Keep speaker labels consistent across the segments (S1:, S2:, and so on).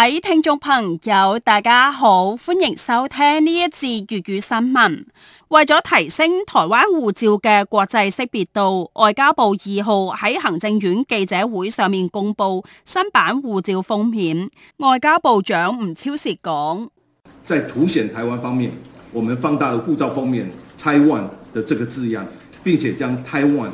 S1: 各位聽眾朋友，大家好，歡迎收聽呢一次粵語新聞。為咗提升台灣護照嘅國際識別度，外交部二號喺行政院記者會上面公布新版護照封面。外交部長吳釗燮講：在凸顯台灣方面，我們放大了護照封面 “Taiwan” 的這個字樣，並且將 “Taiwan”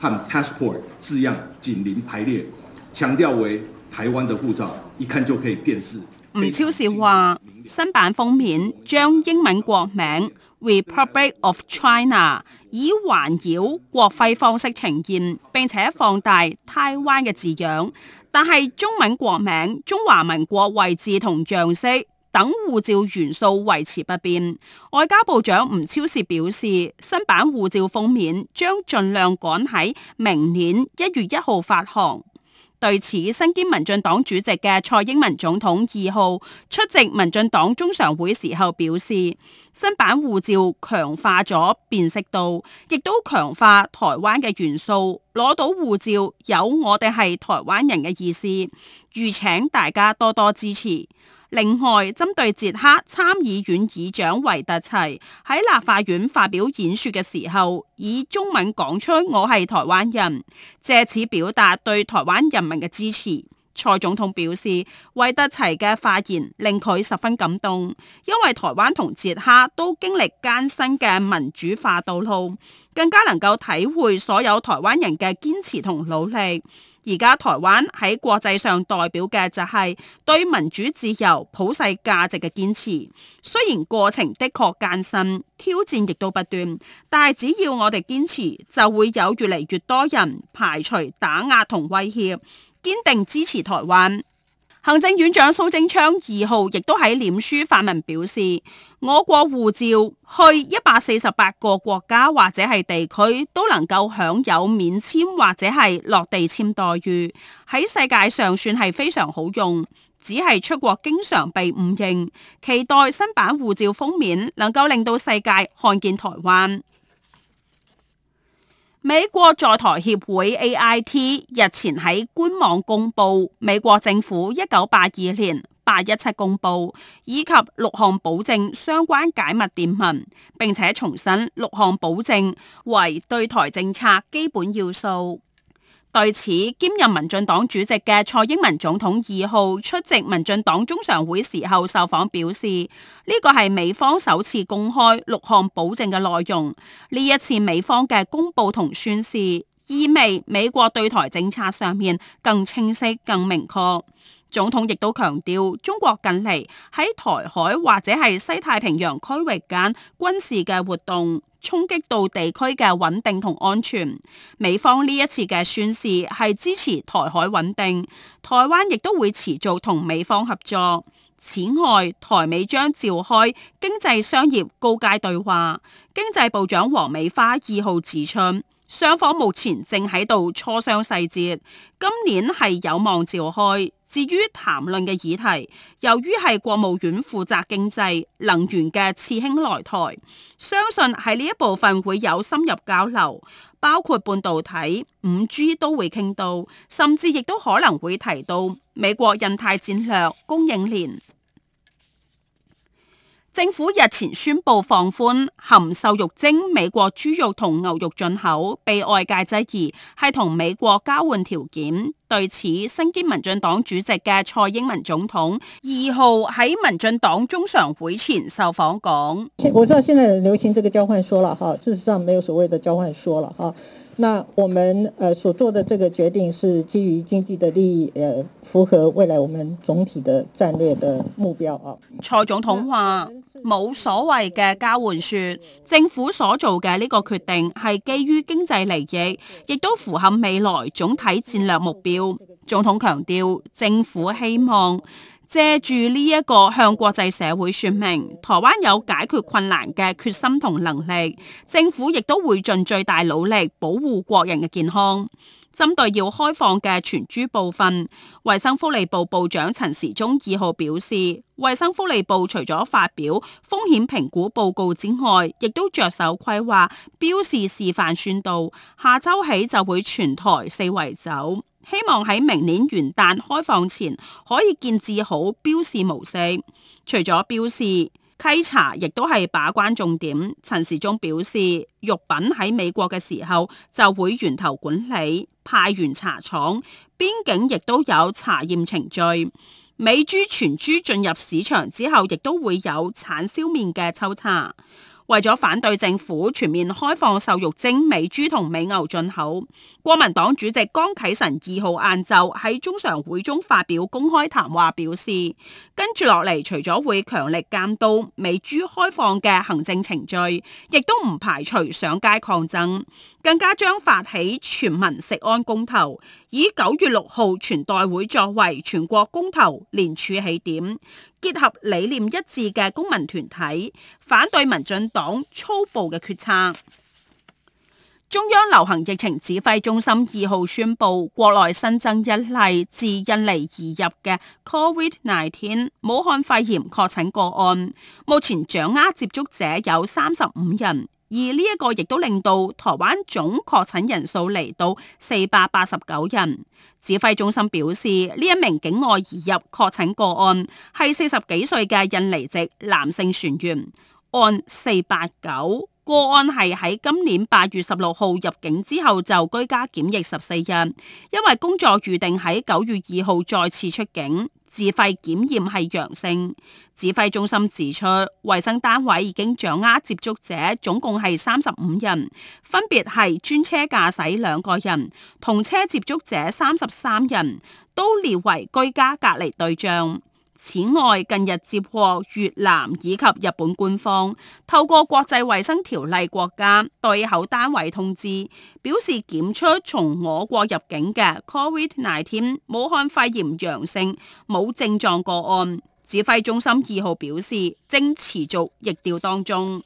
S1: 和 “passport” 字樣緊鄰排列，強調為。台灣的護照一看就可以辨識。吳釗燮話：新版封面將英文國名 Republic of China 以環繞國徽方式呈現，並且放大台灣嘅字樣。但係中文國名中華民國位置同樣式等護照元素維持不變。外交部長吳釗燮表示，新版護照封面將盡量趕喺明年一月一號發行。對此，身兼民進黨主席嘅蔡英文總統二號出席民進黨中常會時候表示，新版護照強化咗辨識度，亦都強化台灣嘅元素。攞到護照，有我哋係台灣人嘅意思，預請大家多多支持。另外，針對捷克參議院議長維特齊喺立法院發表演說嘅時候，以中文講出「我係台灣人」，藉此表達對台灣人民嘅支持。蔡總統表示，維特齊嘅發言令佢十分感動，因為台灣同捷克都經歷艱辛嘅民主化道路，更加能夠體會所有台灣人嘅堅持同努力。而家台灣喺國際上代表嘅就係對民主自由普世價值嘅堅持。雖然過程的確艱辛，挑戰亦都不斷，但係只要我哋堅持，就會有越嚟越多人排除打壓同威脅，堅定支持台灣。行政院長蘇貞昌二號亦都喺臉書發文表示，我國護照去一百四十八個國家或者係地區都能夠享有免簽或者係落地簽待遇，喺世界上算係非常好用，只係出國經常被誤認，期待新版護照封面能夠令到世界看見台灣。美國在台協會 AIT 日前喺官網公布，美國政府一九八二年八一七公布以及六項保證相關解密電文，並且重申六項保證為對台政策基本要素。對此，兼任民進黨主席嘅蔡英文總統二號出席民進黨中常會時候受訪表示，呢、這個係美方首次公開六項保證嘅內容。呢一次美方嘅公布同宣示，意味美國對台政策上面更清晰、更明確。總統亦都強調，中國近嚟喺台海或者係西太平洋區域間軍事嘅活動，衝擊到地區嘅穩定同安全。美方呢一次嘅宣示係支持台海穩定，台灣亦都會持續同美方合作。此外，台美將召開經濟商業高階對話。經濟部長黃美花二號指出，雙方目前正喺度磋商細節，今年係有望召開。至於談論嘅議題，由於係國務院負責經濟能源嘅次卿來台，相信喺呢一部分會有深入交流，包括半導體、5G 都會傾到，甚至亦都可能會提到美國印太戰略、供應鏈。政府日前宣布放寬含瘦肉精美國豬肉同牛肉進口，被外界質疑係同美國交換條件。對此，身兼民進黨主席嘅蔡英文總統二號喺民進黨中常會前受訪講：我知道現在流行這個交換說了，哈，事實上沒有所謂的交換說了，哈。那我們，呃，所做的這個決定是基於經濟的利益，呃，符合未來我們總體的戰略的目標啊。蔡總統話冇所謂嘅交換說，政府所做嘅呢個決定係基於經濟利益，亦都符合未來總體戰略目標。總統強調，政府希望，借住呢一個向國際社會説明台灣有解決困難嘅決心同能力，政府亦都會盡最大努力保護國人嘅健康。針對要開放嘅全豬部分，衛生福利部部長陳時中二號表示，衛生福利部除咗發表風險評估報告之外，亦都着手規劃標示示範宣導，下週起就會全台四圍走。希望喺明年元旦開放前可以建置好標示模式。除咗標示，稽查亦都係把關重點。陳時中表示，肉品喺美國嘅時候就會源頭管理，派員查廠，邊境亦都有查驗程序。美豬全豬進入市場之後，亦都會有產銷面嘅抽查。為咗反對政府全面開放瘦肉精美豬同美牛進口，國民黨主席江啟臣二號晏晝喺中常會中發表公開談話，表示跟住落嚟，除咗會強力監督美豬開放嘅行政程序，亦都唔排除上街抗爭，更加將發起全民食安公投，以九月六號全代會作為全國公投聯署起點。結合理念一致嘅公民團體，反對民進黨粗暴嘅決策。中央流行疫情指揮中心二號宣布，國內新增一例自印尼移入嘅 COVID-19 武漢肺炎確診個案，目前掌握接觸者有三十五人。而呢一個亦都令到台灣總確診人數嚟到四百八十九人。指揮中心表示，呢一名境外移入確診個案係四十幾歲嘅印尼籍男性船員，案四八九個案係喺今年八月十六號入境之後就居家檢疫十四日，因為工作預定喺九月二號再次出境。自費檢驗係陽性，指揮中心指出，衛生單位已經掌握接觸者總共係三十五人，分別係專車駕駛兩個人，同車接觸者三十三人，都列為居家隔離對象。此外，近日接獲越南以及日本官方透過國際衞生條例國家對口單位通知，表示檢出從我國入境嘅 COVID-19 武漢肺炎陽性冇症狀個案。指揮中心二號表示，正持續疫調當中。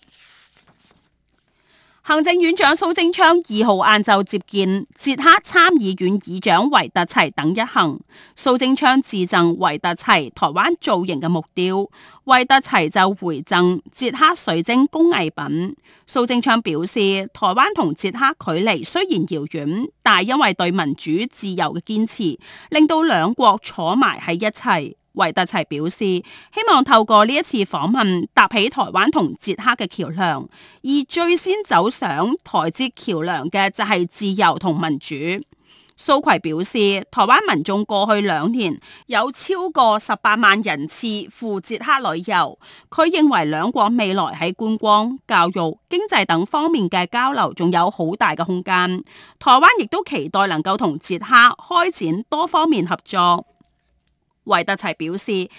S1: 行政院長蘇貞昌二號晏晝接見捷克參議院議長維特齊等一行，蘇貞昌致贈維特齊台灣造型嘅木雕，維特齊就回贈捷克水晶工藝品。蘇貞昌表示，台灣同捷克距離雖然遙遠，但係因為對民主自由嘅堅持，令到兩國坐埋喺一齊。維特齊表示，希望透過呢一次訪問搭起台灣同捷克嘅橋梁，而最先走上台捷橋梁嘅就係自由同民主。蘇揆表示，台灣民眾過去兩年有超過十八萬人次赴捷克旅遊，佢認為兩國未來喺觀光、教育、經濟等方面嘅交流仲有好大嘅空間。台灣亦都期待能夠同捷克開展多方面合作。維特齊表示，希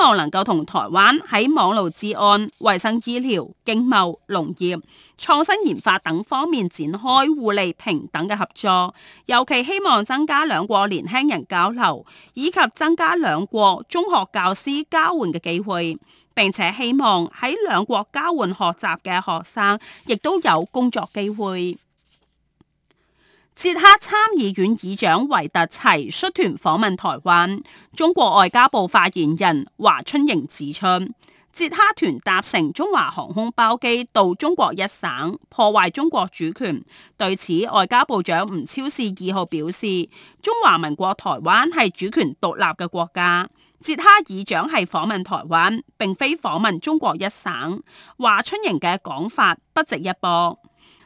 S1: 望能夠同台灣喺網路治安、衛生醫療、經貿、農業、創新研發等方面展開互利平等嘅合作。尤其希望增加兩國年輕人交流，以及增加兩國中學教師交換嘅機會，並且希望喺兩國交換學習嘅學生亦都有工作機會。捷克參議院議長維特齊率團訪問台灣，中國外交部發言人華春瑩指出，捷克團搭乘中華航空包機到中國一省，破壞中國主權。對此，外交部長吳釗燮二號表示，中華民國台灣係主權獨立嘅國家，捷克議長係訪問台灣，並非訪問中國一省。華春瑩嘅講法不值一駁。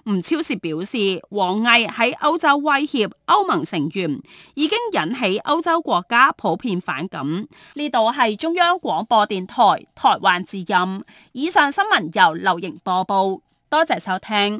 S1: 吳釗燮表示王毅喺歐洲威脅歐盟成員，已經引起歐洲國家普遍反感。呢度係中央廣播電台台灣之音，以上新聞由劉瑩播報，多謝收聽。